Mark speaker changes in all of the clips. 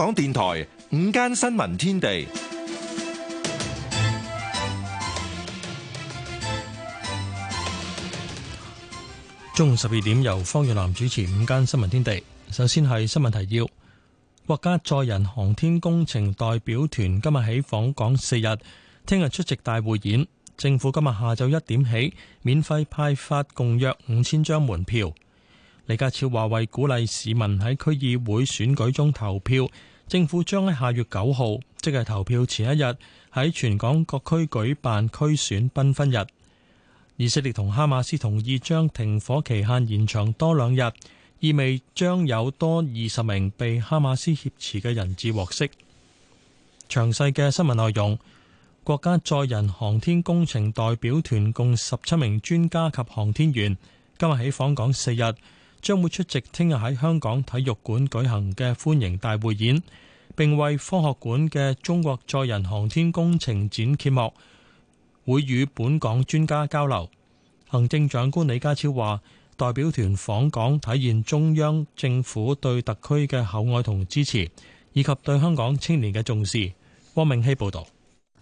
Speaker 1: 香港電台午間新聞天地，中午十二點由方若男主持《午間新聞天地》。首先係新聞提要：國家載人航天工程代表團今日起訪港四日，聽日出席大會演。政府今日下晝一點起免費派發共約五千張門票。李家超話為鼓勵市民喺區議會選舉中投票，政府將喺下月九號，即係投票前一日，喺全港各區舉辦區選繽紛日。以色列同哈馬斯同意將停火期限延長多兩日，意味將有多二十名被哈馬斯挾持嘅人質獲釋。詳細嘅新聞內容，國家載人航天工程代表團共十七名專家及航天員今日起訪港四日。將會出席聽日喺香港體育館舉行嘅歡迎大會演，並為科學館嘅中國載人航天工程展揭幕，會與本港專家交流。行政長官李家超話，代表團訪港體現中央政府對特區嘅厚愛同支持，以及對香港青年嘅重視。汪明希報導。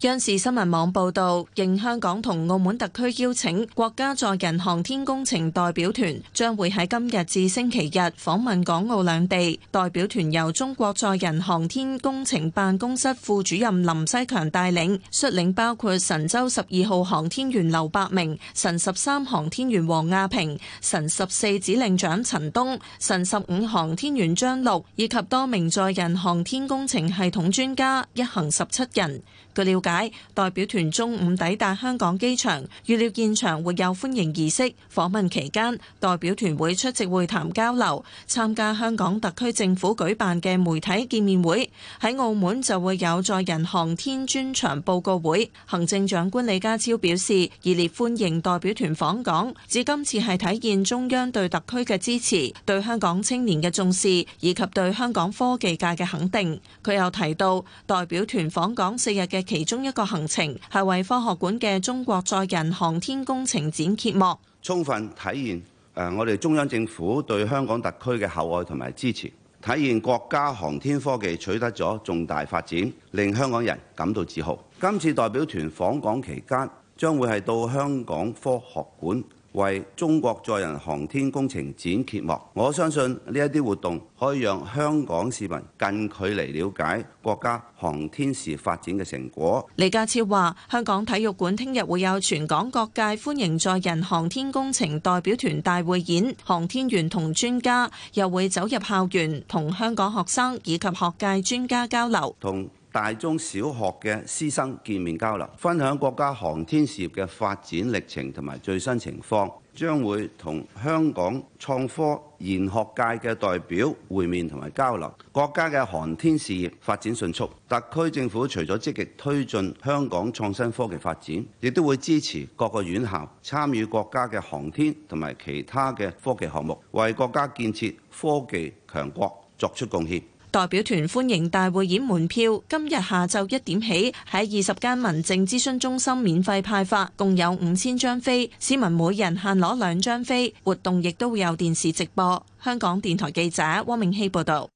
Speaker 2: 央視新聞網報道，應香港同澳門特區邀請，國家載人航天工程代表團將會喺今日至星期日訪問港澳兩地。代表團由中國載人航天工程辦公室副主任林西強帶領，率領包括神舟十二號航天員劉伯明、神十三航天員王亞平、神十四指令長陳冬、神十五航天員張陸以及多名載人航天工程系統專家，一行十七人。據了解，代表團中午抵達香港機場，預料現場會有歡迎儀式。訪問期間，代表團會出席會談交流，參加香港特區政府舉辦嘅媒體見面會。喺澳門就會有載人航天專場報告會。行政長官李家超表示，熱烈歡迎代表團訪港，指今次係體現中央對特區嘅支持，對香港青年嘅重視，以及對香港科技界嘅肯定。佢又提到，代表團訪港四日嘅。其中一個行程係為科學館嘅中國載人航
Speaker 3: 天工程展揭幕，充分體現誒我哋中央政府對香港特區嘅厚愛同埋支持，體現國家航天科技取得咗重大發展，令香港人感到自豪。今次代表團訪港期間，將會係到香港科學館。為中國載人航天工程展揭幕，我相信呢一啲活動可以讓香港市民近距離了解國家航天事業發展嘅成果。
Speaker 2: 李家超話，香港體育館聽日會有全港各界歡迎載人航天工程代表團大會演，航天員同專家又會走入校園同香港學生以及學界專家交流
Speaker 3: 同。大中小學嘅師生見面交流，分享國家航天事業嘅發展歷程同埋最新情況，將會同香港創科研學界嘅代表會面同埋交流。國家嘅航天事業發展迅速，特區政府除咗積極推進香港創新科技發展，亦都會支持各個院校參與國家嘅航天同埋其他嘅科技項目，為國家建設科技強國作出貢獻。
Speaker 2: 代表團歡迎大會演門票今日下晝一點起，喺二十間民政諮詢中心免費派發，共有五千張飛，市民每人限攞兩張飛。活動亦都會有電視直播。香港電台記者汪明熙報道。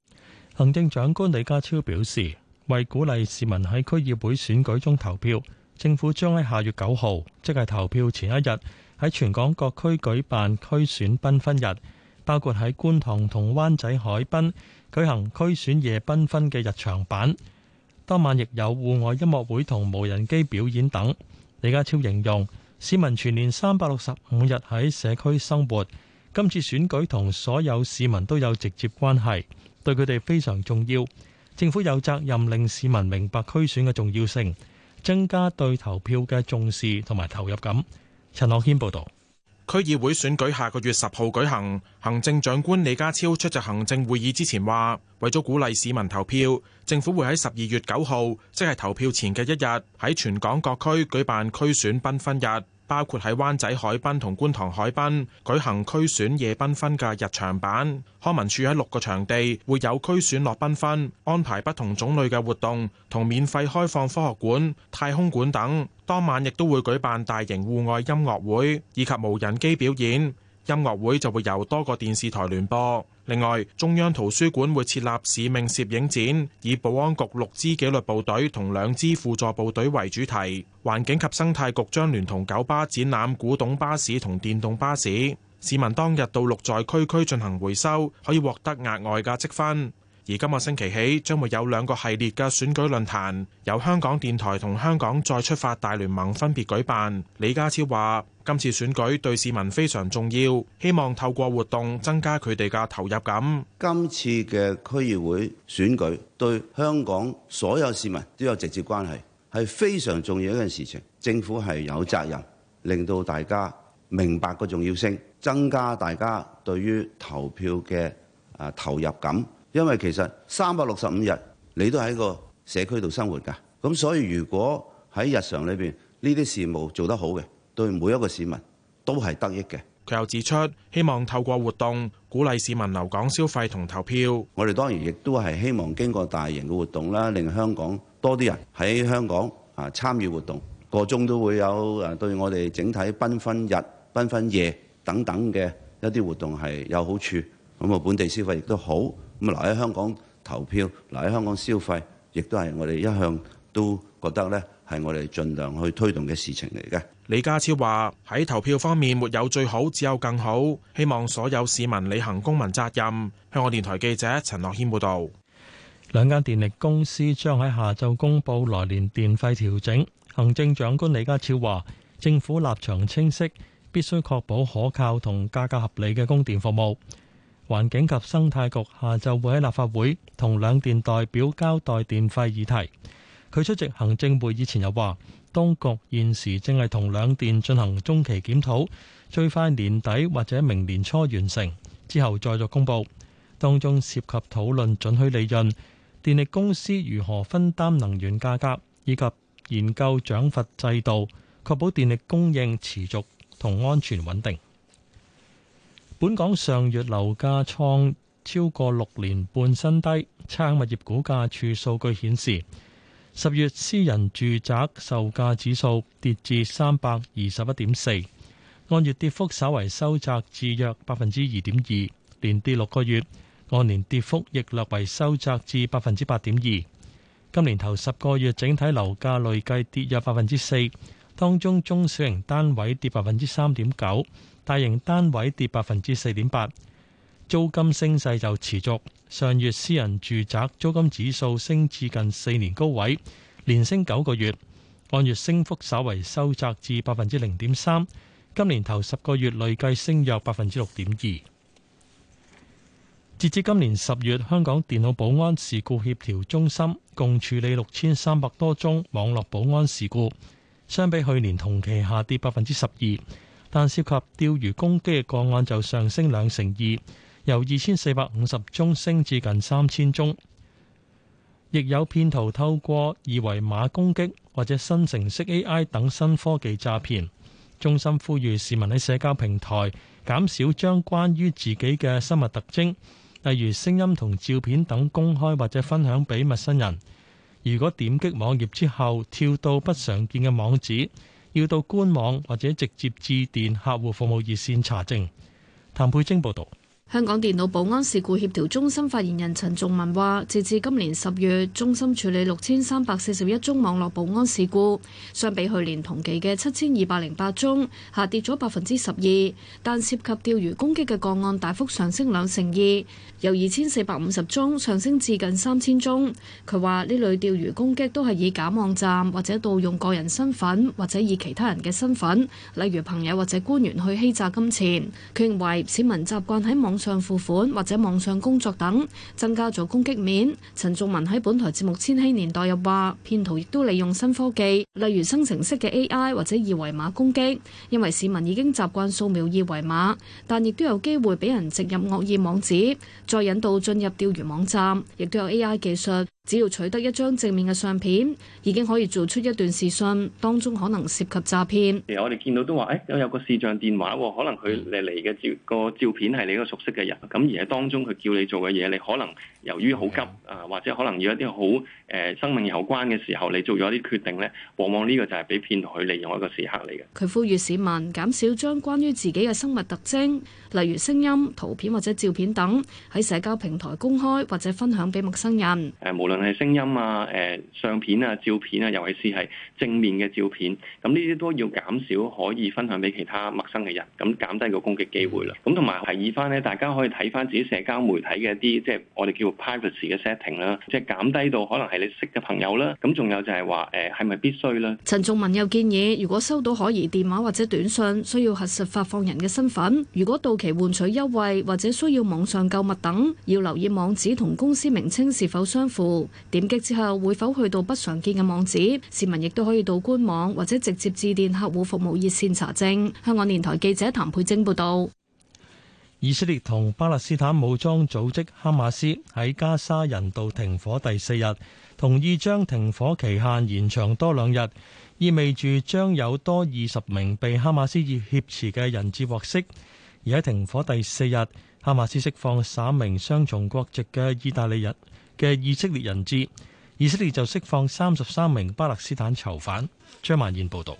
Speaker 1: 行政長官李家超表示，為鼓勵市民喺區議會選舉中投票，政府將喺下月九號，即係投票前一日，喺全港各區舉辦區選繽紛日，包括喺觀塘同灣仔海濱，舉行區選夜繽紛嘅日場版，當晚亦有戶外音樂會同無人機表演等。李家超形容市民全年三百六十五日喺社區生活，今次選舉同所有市民都有直接關係，對佢哋非常重要。政府有責任令市民明白區選嘅重要性，增加對投票嘅重視同埋投入感。陳樂軒報導。
Speaker 4: 區議會選舉下個月十號舉行，行政長官李家超出席行政會議之前話，為咗鼓勵市民投票，政府會喺十二月九號，即係投票前嘅一日，喺全港各區舉辦區選繽紛日。包括喺灣仔海濱同觀塘海濱舉行區選夜繽紛嘅日場版，康文署喺六個場地會有區選落繽紛，安排不同種類嘅活動同免費開放科學館、太空館等。當晚亦都會舉辦大型戶外音樂會以及無人機表演。音樂會就會由多個電視台聯播。另外，中央圖書館會設立使命攝影展，以保安局六支紀律部隊同兩支輔助部隊為主題。環境及生態局將聯同九巴展覽古董巴士同電動巴士。市民當日到綠在區區進行回收，可以獲得額外嘅積分。而今個星期起，將會有兩個系列嘅選舉論壇，由香港電台同香港再出發大聯盟分別舉辦。李家超話。今次選舉對市民非常重要，希望透過活動增加佢哋嘅投入
Speaker 3: 感。今次嘅區議會選舉對香港所有市民都有直接關係，係非常重要一件事情。政府係有責任令到大家明白個重要性，增加大家對於投票嘅啊投入感。因為其實三百六十五日你都喺個社區度生活㗎，咁所以如果喺日常裏邊呢啲事務做得好嘅。對每一個市民都係得益嘅。
Speaker 4: 佢又指出，希望透過活動鼓勵市民留港
Speaker 3: 消費同投票。我哋當然亦都係希望經過大型嘅活動啦，令香港多啲人喺香港啊參與活動。個中都會有誒、啊、對我哋整體繽紛日、繽紛夜等等嘅一啲活動係有好處。咁啊，本地消費亦都好。咁啊，留喺香港投票、留喺香港消費，亦都係我哋一向都覺得咧。係我哋盡量去推動嘅事情嚟嘅。李家超話
Speaker 4: 喺投票方面，沒有最好，只有更好。希望所有市民履行公民責任。香港電台記者陳樂謙報道。
Speaker 1: 兩間電力公司將喺下晝公布來年電費調整。行政長官李家超話，政府立場清晰，必須確保可靠同價格合理嘅供電服務。環境及生態局下晝會喺立法會同兩電代表交代電費議題。佢出席行政會以前又話，當局現時正係同兩電進行中期檢討，最快年底或者明年初完成，之後再作公布。當中涉及討論准許利潤、電力公司如何分擔能源價格，以及研究獎罰制度，確保電力供應持續同安全穩定。本港上月樓價創超過六年半新低，差物業估價署數據顯示，十月私人住宅售價指數跌至三百二十一點四，按月跌幅稍為收窄至約百分之二點二，連跌六個月，按年跌幅亦略為收窄至百分之八點二。今年頭十個月整體樓價累計跌約百分之四，當中中小型單位跌百分之三點九，大型單位跌百分之四點八，租金升勢就持續。上月私人住宅租金指數升至近四年高位，連升九個月，按月升幅稍為收窄至百分之零點三。今年頭十個月累計升約百分之六點二。截至今年十月，香港電腦保安事故協調中心共處理六千三百多宗網絡保安事故，相比去年同期下跌百分之十二，但涉及釣魚攻擊嘅個案就上升兩成二。由二千四百五十宗升至近三千宗，亦有騙徒透過二維碼攻擊或者新程式 A.I. 等新科技詐騙，中心呼籲市民喺社交平台減少將關於自己嘅生物特徵，例如聲音同照片等公開或者分享俾陌生人。如果點擊網頁之後跳到不常見嘅網址，要到官網或者直接致電客戶服務熱線查證。譚佩晶報道。
Speaker 5: 香港電腦保安事故協調中心發言人陳仲文話，截至今年十月，中心處理六千三百四十一宗網絡保安事故，相比去年同期嘅七千二百零八宗，下跌咗百分之十二。但涉及釣魚攻擊嘅個案大幅上升兩成二，由二千四百五十宗上升至近三千宗。佢話，呢類釣魚攻擊都係以假網站或者盜用個人身份，或者以其他人嘅身份，例如朋友或者官員去欺詐金錢。佢認為市民習慣喺網上付款或者網上工作等，增加咗攻擊面。陳仲文喺本台節目《千禧年代》又話，騙徒亦都利用新科技，例如生成式嘅 AI 或者二維碼攻擊，因為市民已經習慣掃描二維碼，但亦都有機會俾人植入惡意網址，再引導進入釣魚網站，亦都有 AI 技術。只要取得一張正面嘅相片，已經可以做出一段視訊，當中可能涉及詐騙。
Speaker 6: 例如我哋見到都話，誒，有有個視像電話，可能佢你嚟嘅照個照片係你一個熟悉嘅人，咁而喺當中佢叫你做嘅嘢，你可能由於好急啊，或者可能有一啲好誒生命有關嘅時候，你做咗一啲決定咧，往往呢個就係俾騙徒去利用一個時刻嚟嘅。
Speaker 5: 佢呼籲市民減少將關於自己嘅生物特徵，例如聲音、圖片或者照片等，喺社交平台公開或者分享俾陌生人。
Speaker 6: 誒，無論。係聲音啊、誒相片啊、照片啊，尤其是係正面嘅照片，咁呢啲都要減少可以分享俾其他陌生嘅人，咁減低個攻擊機會啦。咁同埋提議翻咧，大家可以睇翻自己社交媒體嘅一啲，即係我哋叫 privacy 嘅 setting 啦，即係減低到可能係你識嘅朋友啦。咁仲有就係話誒，係咪必須咧？
Speaker 5: 陳仲文又建議，如果收到可疑電話或者短信，需要核實發放人嘅身份；如果到期換取優惠或者需要網上購物等，要留意網址同公司名稱是否相符。點擊之後會否去到不常見嘅網址？市民亦都可以到官網或者直接致電客戶服務熱線查證。香港電台記者譚佩晶報導。
Speaker 1: 以色列同巴勒斯坦武裝組織哈馬斯喺加沙人道停火第四日，同意將停火期限延長多兩日，意味住將有多二十名被哈馬斯以挾持嘅人質獲釋。而喺停火第四日，哈馬斯釋放三名雙重國籍嘅意大利人嘅以色列人質，以色列就釋放三十三名巴勒斯坦囚犯。張曼燕報道，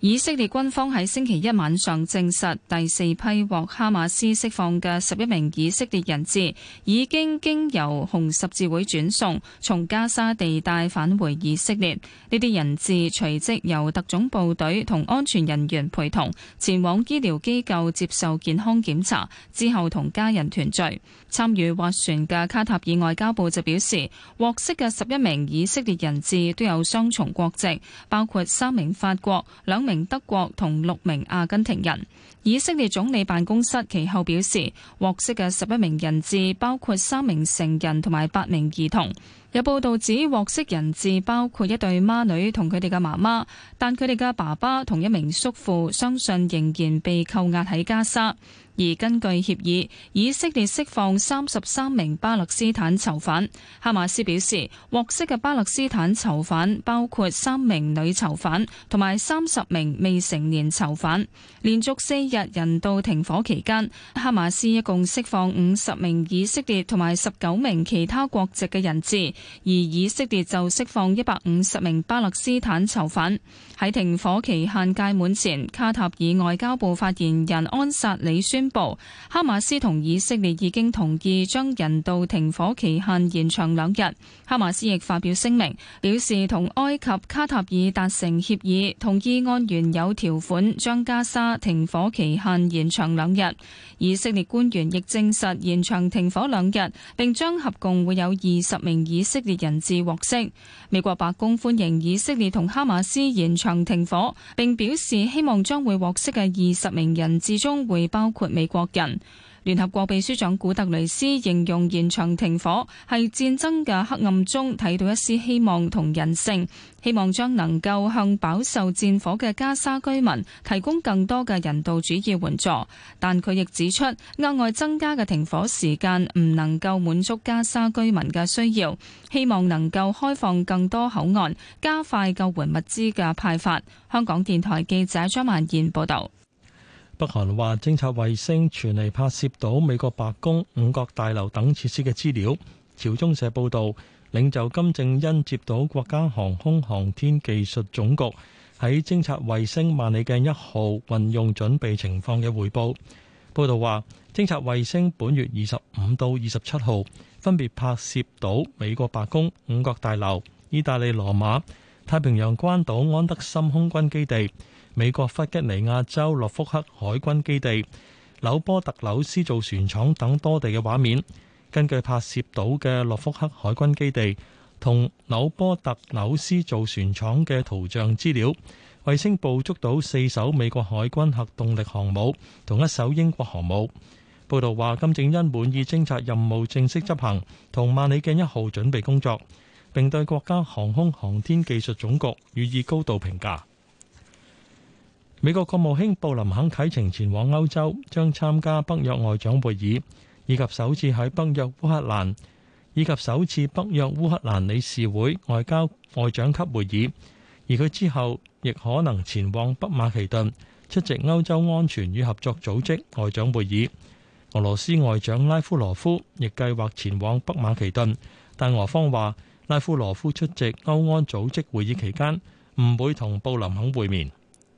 Speaker 7: 以色列軍方喺星期一晚上證實第四批獲哈馬斯釋放嘅十一名以色列人質已經經由紅十字會轉送，從加沙地帶返回以色列。呢啲人質隨即由特種部隊同安全人員陪同，前往醫療機構接受健康檢查，之後同家人團聚。參與斡旋嘅卡塔爾外交部就表示，獲釋嘅十一名以色列人質都有雙重國籍，包括三名法國、兩名德國同六名阿根廷人。以色列總理辦公室其後表示，獲釋嘅十一名人質包括三名成人同埋八名兒童。有報道指獲釋人質包括一對孖女同佢哋嘅媽媽，但佢哋嘅爸爸同一名叔父相信仍然被扣押喺加沙。而根據協議，以色列釋放三十三名巴勒斯坦囚犯。哈馬斯表示，獲釋嘅巴勒斯坦囚犯包括三名女囚犯同埋三十名未成年囚犯。連續四日人道停火期間，哈馬斯一共釋放五十名以色列同埋十九名其他國籍嘅人質，而以色列就釋放一百五十名巴勒斯坦囚犯。喺停火期限屆滿前，卡塔爾外交部發言人安薩里宣。宣布哈馬斯同以色列已經同意將人道停火期限延長兩日。哈馬斯亦發表聲明，表示同埃及、卡塔爾達成協議，同意按原有條款將加沙停火期限延長兩日。以色列官員亦證實延長停火兩日，並將合共會有二十名以色列人質獲釋。美國白宮歡迎以色列同哈馬斯延長停火，並表示希望將會獲釋嘅二十名人質中會包括。美國人，聯合國秘書長古特雷斯形容延長停火係戰爭嘅黑暗中睇到一絲希望同人性，希望將能夠向飽受戰火嘅加沙居民提供更多嘅人道主義援助。但佢亦指出，額外增加嘅停火時間唔能夠滿足加沙居民嘅需要，希望能夠開放更多口岸，加快救援物資嘅派發。香港電台記者張曼燕報道。
Speaker 1: 北韓話偵察衛星傳嚟拍攝到美國白宮、五角大樓等設施嘅資料。朝中社報導，領袖金正恩接到國家航空航天技術總局喺偵察衛星萬里鏡一號運用準備情況嘅回報。報導話，偵察衛星本月二十五到二十七號分別拍攝到美國白宮、五角大樓、意大利羅馬、太平洋關島安德森空軍基地。美國弗吉尼亞州諾福克海軍基地、紐波特紐斯造船廠等多地嘅畫面，根據拍攝到嘅諾福克海軍基地同紐波特紐斯造船廠嘅圖像資料，衛星捕捉到四艘美國海軍核動力航母同一艘英國航母。報道話，金正恩滿意偵察任務正式執行同萬里鏡一號準備工作，並對國家航空航天技術總局予以高度評價。美國國務卿布林肯啟程前往歐洲，將參加北約外長會議，以及首次喺北約烏克蘭，以及首次北約烏克蘭理事會外交外長級會議。而佢之後亦可能前往北馬其頓出席歐洲安全與合作組織外長會議。俄羅斯外長拉夫羅夫亦計劃前往北馬其頓，但俄方話拉夫羅夫出席歐安組織會議期間唔會同布林肯會面。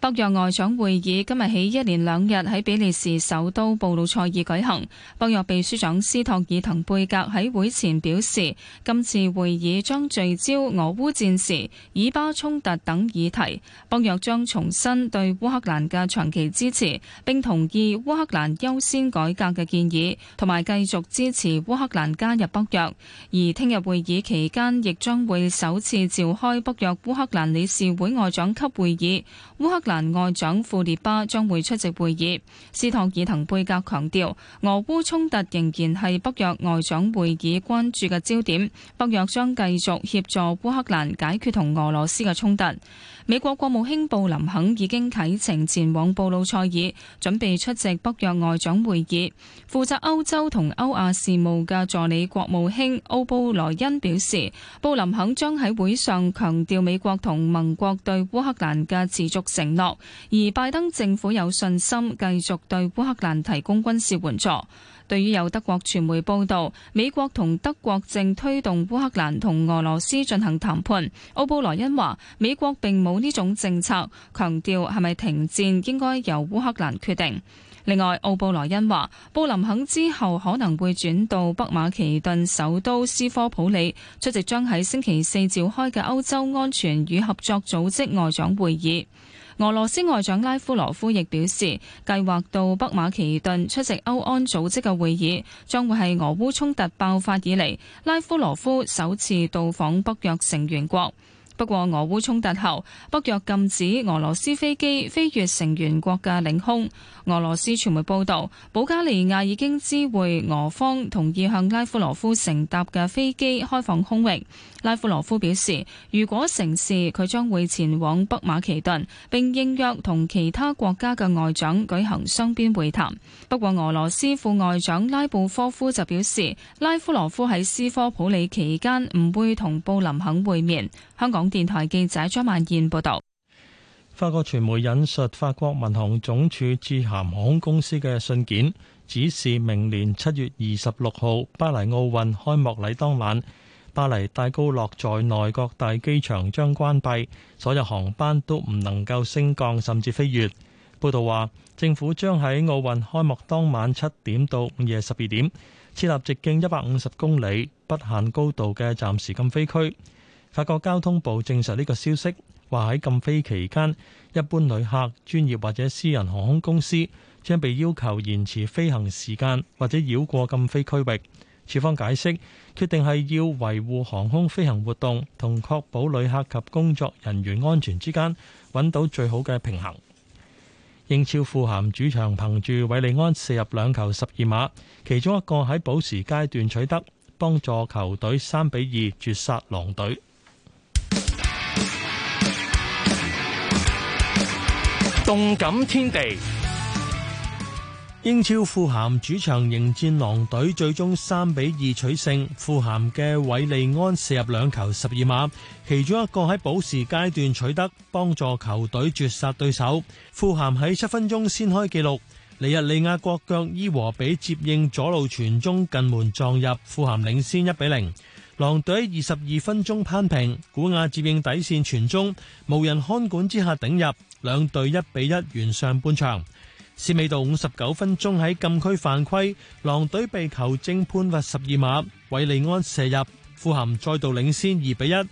Speaker 7: 北約外長會議今日起一連兩日喺比利時首都布魯塞爾舉行。北約秘書長斯托爾滕貝格喺會前表示，今次會議將聚焦俄烏戰事、以巴衝突等議題。北約將重申對烏克蘭嘅長期支持，並同意烏克蘭優先改革嘅建議，同埋繼續支持烏克蘭加入北約。而聽日會議期間，亦將會首次召開北約烏克蘭理事會外長級會議。烏克蘭外長庫列巴將會出席會議。斯托爾滕貝格強調，俄烏衝突仍然係北約外長會議關注嘅焦點，北約將繼續協助烏克蘭解決同俄羅斯嘅衝突。美國國務卿布林肯已經啟程前往布魯塞爾，準備出席北約外長會議。負責歐洲同歐亞事務嘅助理國務卿奧布萊恩表示，布林肯將喺會上強調美國同盟國對烏克蘭嘅持續承諾，而拜登政府有信心繼續對烏克蘭提供軍事援助。對於有德國傳媒報道，美國同德國正推動烏克蘭同俄羅斯進行談判，奧布萊恩話美國並冇呢種政策，強調係咪停戰應該由烏克蘭決定。另外，奧布萊恩話，布林肯之後可能會轉到北馬其頓首都斯科普里，出席將喺星期四召開嘅歐洲安全與合作組織外長會議。俄羅斯外長拉夫羅夫亦表示，計劃到北馬其頓出席歐安組織嘅會議，將會係俄烏衝突爆發以嚟，拉夫羅夫首次到訪北約成員國。不過俄烏衝突後，北約禁止俄羅斯飛機飛越成員國嘅領空。俄羅斯傳媒報道，保加利亞已經知會俄方，同意向拉夫羅夫乘搭嘅飛機開放空域。拉夫羅夫表示，如果成事，佢將會前往北馬其頓，並應約同其他國家嘅外長舉行雙邊會談。不過，俄羅斯副外長拉布科夫就表示，拉夫羅夫喺斯科普里期間唔會同布林肯會面。香港電台記者張曼燕報道。
Speaker 1: 法國傳媒引述法國民航總署致函航空公司嘅信件，指示明年七月二十六號巴黎奧運開幕禮當晚，巴黎戴高樂在內各大機場將關閉，所有航班都唔能夠升降甚至飛越。報道話，政府將喺奧運開幕當晚七點到午夜十二點，設立直徑一百五十公里、不限高度嘅暫時禁飛區。法國交通部證實呢個消息，話喺禁飛期間，一般旅客、專業或者私人航空公司將被要求延遲飛行時間或者繞過禁飛區域。處方解釋決定係要維護航空飛行活動同確保旅客及工作人員安全之間揾到最好嘅平衡。英超富咸主場憑住韋利安射入兩球十二碼，其中一個喺補時階段取得，幫助球隊三比二絕殺狼隊。
Speaker 4: 動感天地，
Speaker 1: 英超富咸主場迎戰狼隊，最終三比二取勝。富咸嘅韋利安射入兩球，十二碼，其中一個喺補時階段取得，幫助球隊絕殺對手。富咸喺七分鐘先開紀錄，尼日利亞國腳伊和比接應左路傳中近門撞入，富咸領先一比零。狼隊二十二分鐘攀平，古亞接應底線傳中，無人看管之下頂入。兩隊一比一完上半場，斯美道五十九分鐘喺禁區犯規，狼隊被球證判罰十二碼，維利安射入，富咸再度領先二比一。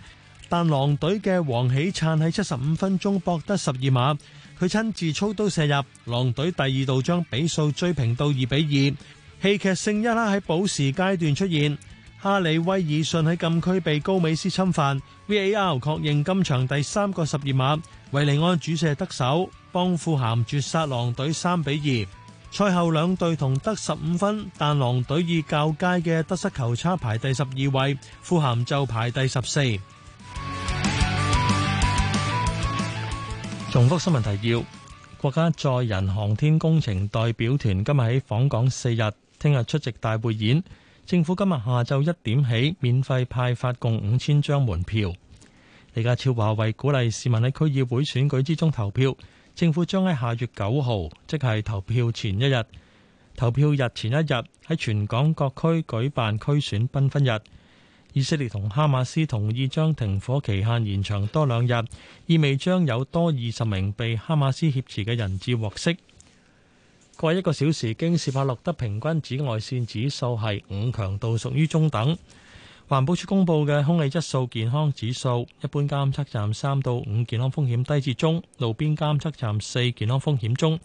Speaker 1: 但狼隊嘅黃啟燦喺七十五分鐘博得十二碼，佢親自操刀射入，狼隊第二度將比數追平到二比二。戲劇性一刻喺補時階段出現，哈里威爾遜喺禁區被高美斯侵犯，VAR 確認今場第三個十二碼。維尼安主射得手，幫富咸絕殺狼隊三比二。賽後兩隊同得十五分，但狼隊以較佳嘅得失球差排第十二位，富咸就排第十四。重複新聞提要：國家載人航天工程代表團今日喺訪港四日，聽日出席大會演。政府今日下晝一點起免費派發共五千張門票。李家超話為鼓勵市民喺區議會選舉之中投票，政府將喺下月九號，即係投票前一日、投票日前一日喺全港各區舉辦區選繽紛日。以色列同哈馬斯同意將停火期限延長多兩日，意味將有多二十名被哈馬斯挾持嘅人質獲釋。過一個小時，京士柏錄得平均紫外線指數係五強度，屬於中等。環保署公布嘅空氣質素健康指數，一般監測站三到五，健康風險低至中；路邊監測站四，健康風險中。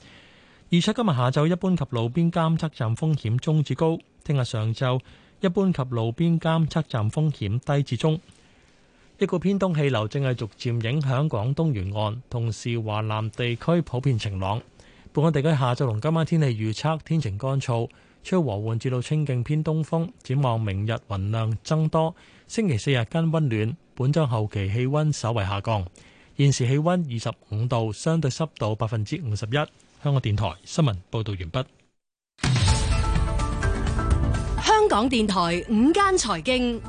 Speaker 1: 預測今日下晝一般及路邊監測站風險中至高，聽日上晝一般及路邊監測站風險低至中。 一個偏東氣流正係逐漸影響廣東沿岸，同時華南地區普遍晴朗。本港地區下晝同今晚天氣預測天晴乾燥。吹和緩至到清勁偏東風，展望明日雲量增多。星期四日間溫暖，本周後期氣溫稍為下降。現時氣溫二十五度，相對濕度百分之五十一。香港電台新聞報道完畢。
Speaker 8: 香港電台午間財經，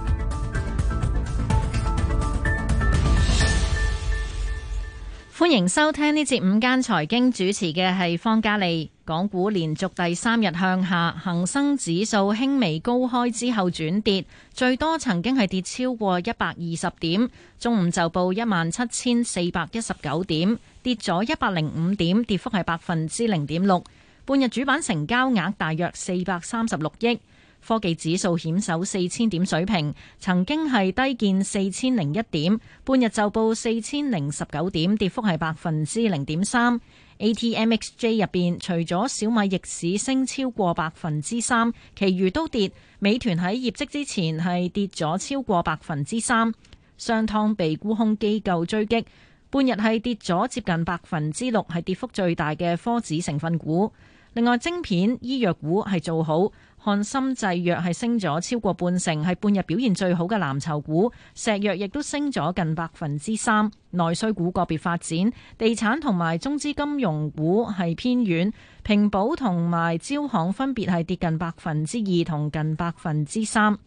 Speaker 8: 歡迎收聽呢節午間財經，主持嘅係方嘉莉。港股連續第三日向下，恒生指數輕微高開之後轉跌，最多曾經係跌超過一百二十點，中午就報一萬七千四百一十九點，跌咗一百零五點，跌幅係百分之零點六。半日主板成交額大約四百三十六億，科技指數險守四千點水平，曾經係低見四千零一點，半日就報四千零十九點，跌幅係百分之零點三。A T M X J 入邊，除咗小米逆市升超過百分之三，其餘都跌。美團喺業績之前係跌咗超過百分之三，上趟被沽空機構追擊，半日係跌咗接近百分之六，係跌幅最大嘅科指成分股。另外，晶片、醫藥股係做好，漢森製藥係升咗超過半成，係半日表現最好嘅藍籌股。石藥亦都升咗近百分之三。內需股個別發展，地產同埋中資金融股係偏軟，平保同埋招行分別係跌近百分之二同近百分之三。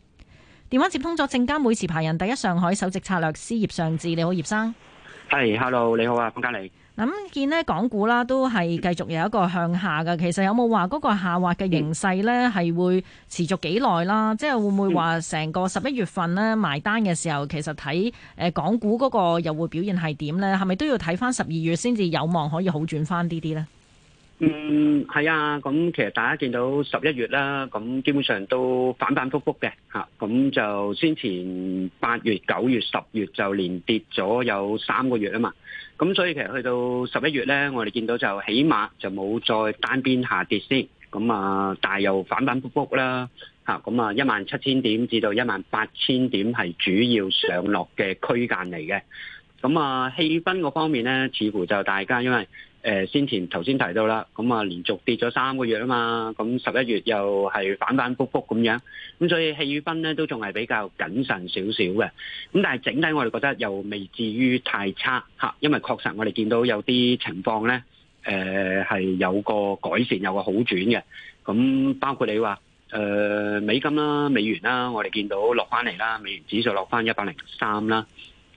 Speaker 8: 電話接通咗證監會持牌人第一上海首席策略師葉尚志，你好，葉生。
Speaker 6: 係，hello，你好啊，潘嘉利。
Speaker 8: 咁見呢港股啦，都係繼續有一個向下嘅。其實有冇話嗰個下滑嘅形勢呢，係會持續幾耐啦？即係會唔會話成個十一月份呢埋單嘅時候，其實睇誒港股嗰個又會表現係點呢？係咪都要睇翻十二月先至有望可以好轉翻啲啲呢？嗯，
Speaker 6: 係啊。咁其實大家見到十一月啦，咁基本上都反反复复嘅吓。咁就先前八月、九月、十月就連跌咗有三個月啊嘛。咁所以其實去到十一月咧，我哋見到就起碼就冇再單邊下跌先，咁啊，但係又反反覆覆啦，嚇，咁啊，一萬七千點至到一萬八千點係主要上落嘅區間嚟嘅，咁啊，氣氛嗰方面咧，似乎就大家因為。誒先前頭先提到啦，咁、嗯、啊連續跌咗三個月啊嘛，咁十一月又係反反覆覆咁樣，咁、嗯、所以氣氛咧都仲係比較謹慎少少嘅。咁、嗯、但係整體我哋覺得又未至於太差嚇、嗯，因為確實我哋見到有啲情況咧，誒、呃、係有個改善有個好轉嘅。咁、嗯、包括你話誒、呃、美金啦、美元啦，我哋見到落翻嚟啦，美元指數落翻一百零三啦。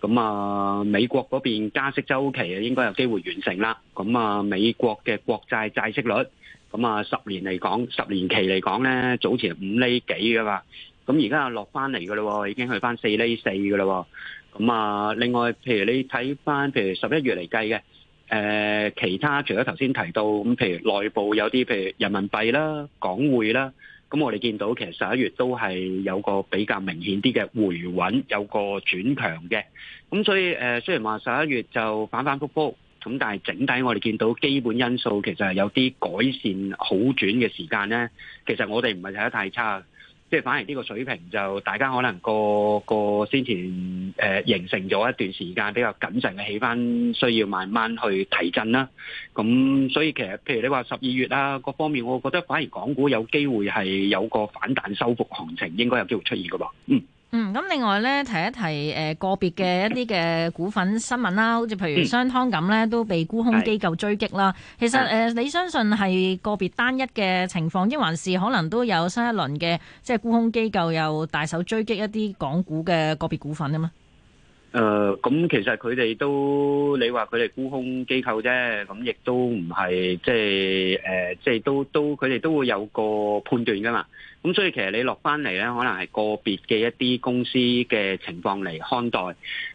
Speaker 6: 咁啊、嗯，美國嗰邊加息周期啊，應該有機會完成啦。咁、嗯、啊、嗯，美國嘅國債債息率，咁、嗯、啊、嗯、十年嚟講，十年期嚟講咧，早前係五厘幾噶嘛，咁而家落翻嚟噶咯，已經去翻四厘四噶咯。咁、嗯、啊、嗯，另外譬如你睇翻，譬如十一月嚟計嘅，誒、呃、其他除咗頭先提到，咁、嗯、譬如內部有啲譬如人民幣啦、港匯啦。咁我哋見到其實十一月都係有個比較明顯啲嘅回穩，有個轉強嘅。咁所以誒、呃，雖然話十一月就反反覆覆，咁但係整體我哋見到基本因素其實係有啲改善、好轉嘅時間咧。其實我哋唔係睇得太差。即係反而呢個水平就大家可能個個先前誒、呃、形成咗一段時間比較謹慎嘅氣氛，需要慢慢去提振啦。咁所以其實譬如你話十二月啊各方面，我覺得反而港股有機會係有個反彈收復行情，應該有機會出現嘅話，嗯。
Speaker 8: 嗯，咁另外咧，提一提誒，個別嘅一啲嘅股份新聞啦，好似譬如商湯咁咧，都被沽空機構追擊啦。其實誒，你相信係個別單一嘅情況，還是可能都有新一輪嘅即係沽空機構又大手追擊一啲港股嘅個別股份啊嘛？
Speaker 6: 誒，咁其實佢哋都，你話佢哋沽空機構啫，咁亦都唔係即係誒，即係都都，佢哋都會有個判斷噶嘛。咁所以其實你落翻嚟咧，可能係個別嘅一啲公司嘅情況嚟看待。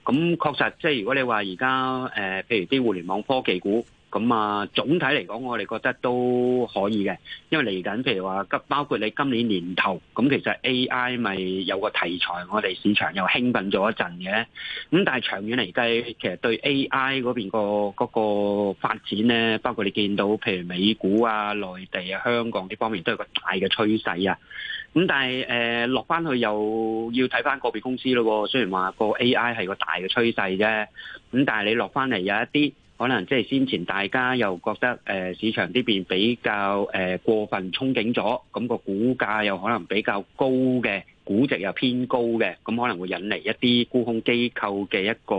Speaker 6: 咁確實，即係如果你話而家誒，譬如啲互聯網科技股。咁啊，總體嚟講，我哋覺得都可以嘅，因為嚟緊，譬如話，包括你今年年頭，咁其實 AI 咪有個題材，我哋市場又興奮咗一陣嘅。咁但係長遠嚟計，其實對 AI 嗰邊個嗰個發展咧，包括你見到譬如美股啊、內地啊、香港呢方面，都有個大嘅趨勢啊。咁但係誒落翻去又要睇翻個別公司咯。雖然話個 AI 係個大嘅趨勢啫，咁但係你落翻嚟有一啲。可能即係先前大家又覺得誒市場呢邊比較誒過分憧憬咗，咁個股價又可能比較高嘅，估值又偏高嘅，咁可能會引嚟一啲沽空機構嘅一個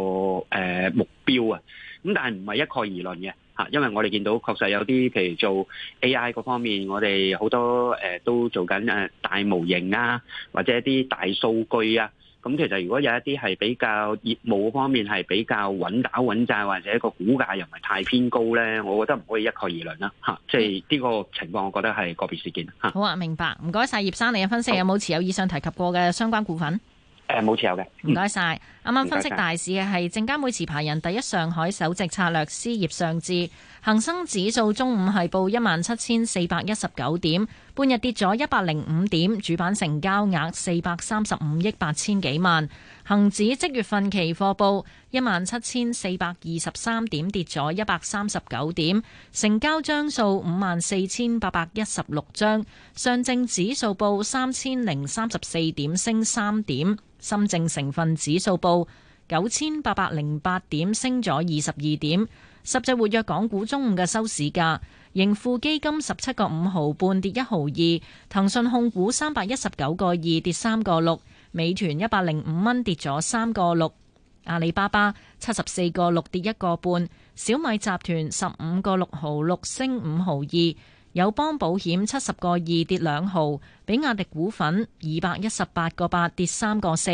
Speaker 6: 誒目標啊。咁但係唔係一概而論嘅嚇，因為我哋見到確實有啲譬如做 A.I. 嗰方面，我哋好多誒都做緊誒大模型啊，或者一啲大數據啊。咁其實如果有一啲係比較業務方面係比較穩打穩紮，或者個股價又唔係太偏高咧，我覺得唔可以一概而論啦。嚇，即係呢個情況，我覺得係個別事件嚇。
Speaker 8: 好啊，明白。唔該晒葉生，你嘅分析有冇持有以上提及過嘅相關股份？
Speaker 6: 誒，冇持有嘅。唔該
Speaker 8: 晒。啱啱分析大市嘅係證監會持牌人第一上海首席策略師葉尚志。恒生指數中午係報一萬七千四百一十九點，半日跌咗一百零五點，主板成交額四百三十五億八千幾萬。恒指即月份期貨報一萬七千四百二十三點，跌咗一百三十九點，成交張數五萬四千八百一十六張。上證指數報三千零三十四點，升三點。深證成分指數報。九千八百零八點，升咗二十二點。十隻活躍港股中午嘅收市價，盈富基金十七個五毫半跌一毫二，騰訊控股三百一十九個二跌三個六，美團一百零五蚊跌咗三個六，阿里巴巴七十四個六跌一個半，小米集團十五個六毫六升五毫二，友邦保險七十個二跌兩毫，比亞迪股份二百一十八個八跌三個四。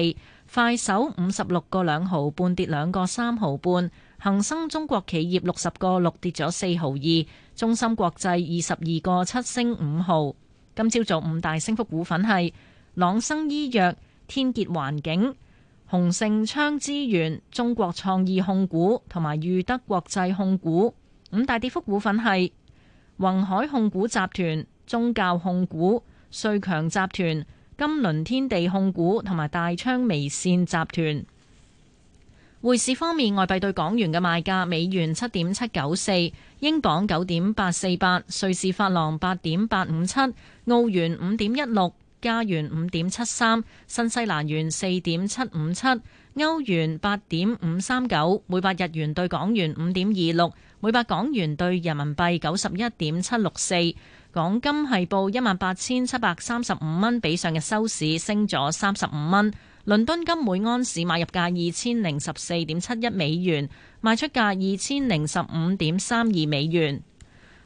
Speaker 8: 快手五十六個兩毫半跌兩個三毫半，恒生中國企業六十個六跌咗四毫二，中芯國際二十二個七升五毫。今朝早五大升幅股份係朗生醫藥、天捷環境、宏盛昌資源、中國創意控股同埋裕德國際控股。五大跌幅股份係宏海控股集團、中教控股、瑞強集團、金輪天地控股同埋大昌微線集團。匯市方面，外幣對港元嘅賣價：美元七點七九四，英鎊九點八四八，瑞士法郎八點八五七，澳元五點一六，加元五點七三，新西蘭元四點七五七，歐元八點五三九，每百日元對港元五點二六，每百港元對人民幣九十一點七六四。港金係報一萬八千七百三十五蚊，比上日收市升咗三十五蚊。倫敦金每安士買入價二千零十四點七一美元，賣出價二千零十五點三二美元。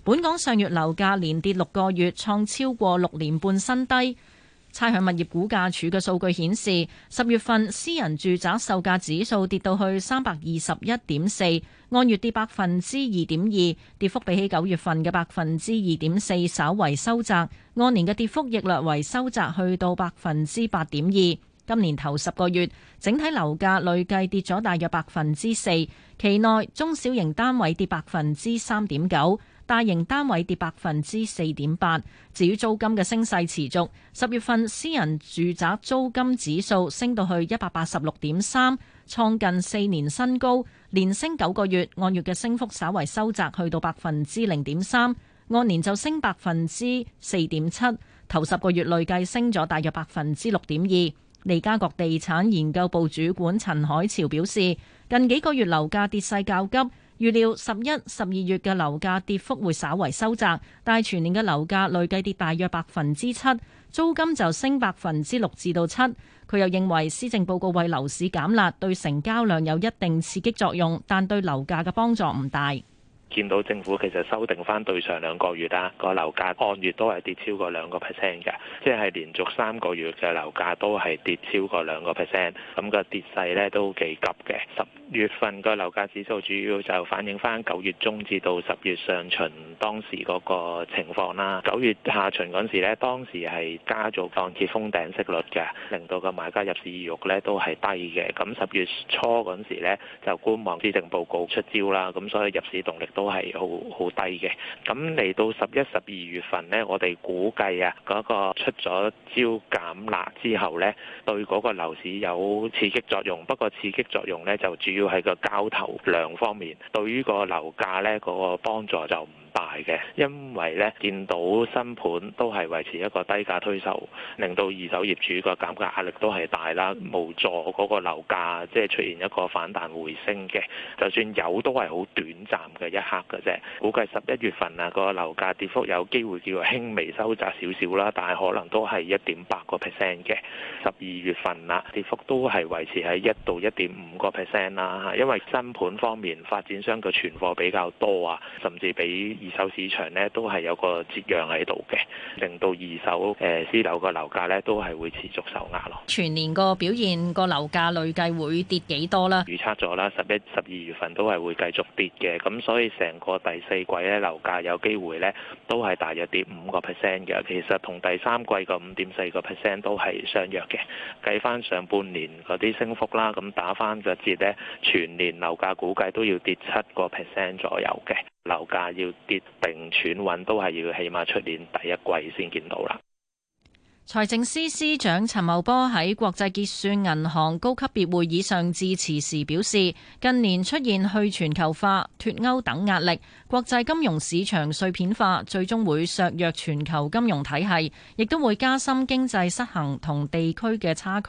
Speaker 8: 本港上月樓價連跌六個月，創超過六年半新低。差餉物業估價署嘅數據顯示，十月份私人住宅售價指數跌到去三百二十一點四，按月跌百分之二點二，跌幅比起九月份嘅百分之二點四稍為收窄。按年嘅跌幅亦略為收窄，去到百分之八點二。今年頭十個月，整體樓價累計跌咗大約百分之四，期內中小型單位跌百分之三點九。大型單位跌百分之四點八，至於租金嘅升勢持續。十月份私人住宅租金指數升到去一百八十六點三，創近四年新高，連升九個月。按月嘅升幅稍為收窄，去到百分之零點三，按年就升百分之四點七，頭十個月累計升咗大約百分之六點二。利嘉閣地產研究部主管陳海潮表示，近幾個月樓價跌勢較急。預料十一、十二月嘅樓價跌幅會稍為收窄，但係全年嘅樓價累計跌大約百分之七，租金就升百分之六至到七。佢又認為施政報告為樓市減壓，對成交量有一定刺激作用，但對樓價嘅幫助唔大。
Speaker 9: 見到政府其實修訂翻對上兩個月啦，那個樓價按月都係跌超過兩個 percent 嘅，即係連續三個月嘅樓價都係跌超過兩個 percent，咁個跌勢咧都幾急嘅。十月份個樓價指數主要就反映翻九月中至到十月上旬當時嗰個情況啦。九月下旬嗰陣時咧，當時係加咗按揭封頂息率嘅，令到個買家入市意欲咧都係低嘅。咁十月初嗰陣時咧就觀望施政報告出招啦，咁所以入市動力都係好好低嘅。咁嚟到十一、十二月份呢，我哋估計啊，嗰、那個出咗招減辣之後呢，對嗰個樓市有刺激作用。不過刺激作用呢，就主要係個交投量方面，對於個樓價呢，嗰、那個幫助就唔大嘅，因為呢，見到新盤都係維持一個低價推售，令到二手業主個減價壓力都係大啦，冇助嗰個樓價即係出現一個反彈回升嘅。就算有，都係好短暫嘅一。黑嘅啫，估計十一月份啊個樓價跌幅有機會叫做輕微收窄少少啦，但係可能都係一點八個 percent 嘅。十二月份啊跌幅都係維持喺一到一點五個 percent 啦，因為新盤方面發展商嘅存貨比較多啊，甚至比二手市場咧都係有個折讓喺度嘅，令到二手誒私樓個樓價咧都係會持續受壓咯。
Speaker 8: 全年個表現個樓價累計會跌幾多啦？
Speaker 9: 預測咗啦，十一、十二月份都係會繼續跌嘅，咁所以。成個第四季咧樓價有機會咧都係大約跌五個 percent 嘅，其實同第三季個五點四個 percent 都係相約嘅。計返上半年嗰啲升幅啦，咁打返個折咧，全年樓價估計都要跌七個 percent 左右嘅。樓價要跌定喘穩都係要起碼出年第一季先見到啦。
Speaker 8: 財政司司長陳茂波喺國際結算銀行高級別會議上致辭時表示，近年出現去全球化、脫歐等壓力，國際金融市場碎片化，最終會削弱全球金融體系，亦都會加深經濟失衡同地區嘅差距。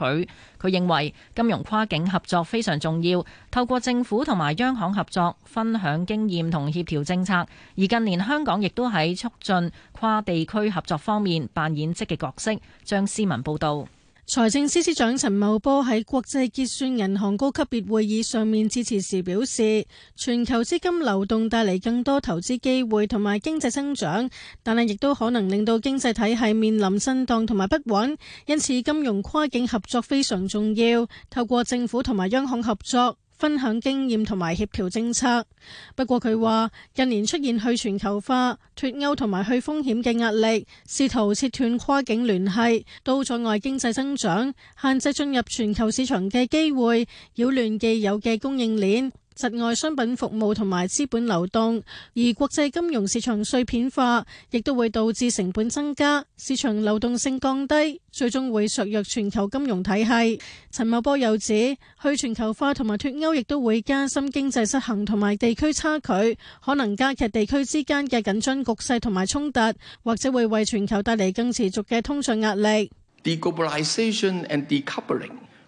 Speaker 8: 佢認為金融跨境合作非常重要，透過政府同埋央行合作，分享經驗同協調政策。而近年香港亦都喺促進跨地區合作方面扮演積極角色。張思文報道，
Speaker 10: 財政司司長陳茂波喺國際結算銀行高級別會議上面致辭時表示，全球資金流動帶嚟更多投資機會同埋經濟增長，但係亦都可能令到經濟體系面臨震蕩同埋不穩，因此金融跨境合作非常重要，透過政府同埋央行合作，分享經驗同埋協調政策，不過佢話近年出現去全球化、脱歐同埋去風險嘅壓力，試圖切斷跨境聯繫，阻礙經濟增長，限制進入全球市場嘅機會，擾亂既有嘅供應鏈。窒礙商品服務同埋資本流動，而國際金融市場碎片化，亦都會導致成本增加、市場流動性降低，最終會削弱全球金融體系。陳茂波又指，去全球化同埋脱歐亦都會加深經濟失衡同埋地區差距，可能加劇地區之間嘅緊張局勢同埋衝突，或者會為全球帶嚟更持續嘅通脹壓力。
Speaker 9: De-globalisation and decoupling.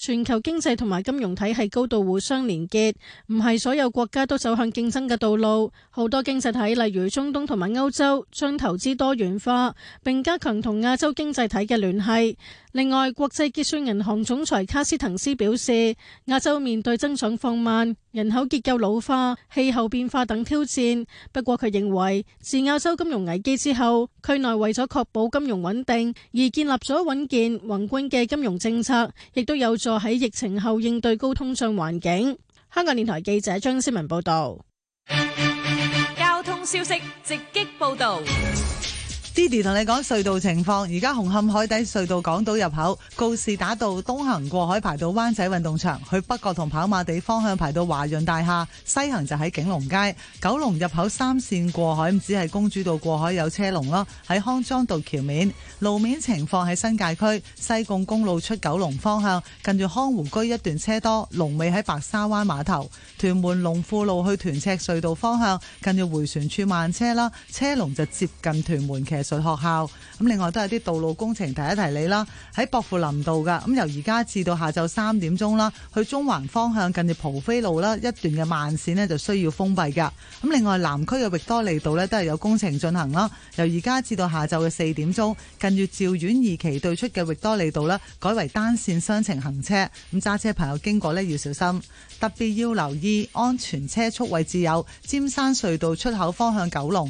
Speaker 10: 全球經濟同埋金融體系高度互相連結，唔係所有國家都走向競爭嘅道路。好多經濟體，例如中東同埋歐洲，將投資多元化，並加強同亞洲經濟體嘅聯繫。另外，國際結算銀行總裁卡斯滕斯表示，亞洲面對增長放慢、人口結構老化、氣候變化等挑戰。不過，佢認為自亞洲金融危機之後，區內為咗確保金融穩定而建立咗穩健宏觀嘅金融政策，亦都有。喺疫情後應對高通脹環境。香港電台記者張思文報道。交通消息
Speaker 5: 直擊報道。
Speaker 9: Didi 同你講隧道情況，而家紅磡海底隧道港島入口告士打道東行過海排到灣仔運動場，去北角同跑馬地方向排到華潤大廈；西行就喺景龍街、九龍入口三線過海，唔止係公主道過海有車龍咯，喺康莊道橋面路面情況喺新界區西貢公路出九龍方向，近住康湖居一段車多，龍尾喺白沙灣碼頭；屯門龍富路去屯赤隧道方向，近住回旋處慢車啦，車龍就接近屯門騎。在學校咁，另外都有啲道路工程提一提你啦。喺薄扶林道噶咁，由而家至到下晝三點鐘啦，去中環方向近住蒲飛路啦一段嘅慢線咧就需要封閉噶。咁另外南區嘅域多利道咧都係有工程進行啦。由而家至到下晝嘅四點鐘，近住趙苑二期對出嘅域多利道啦，改為單線雙程行車，咁揸車朋友經過咧要小心，特別要留意安全車速位置有尖山隧道出口方向九龍。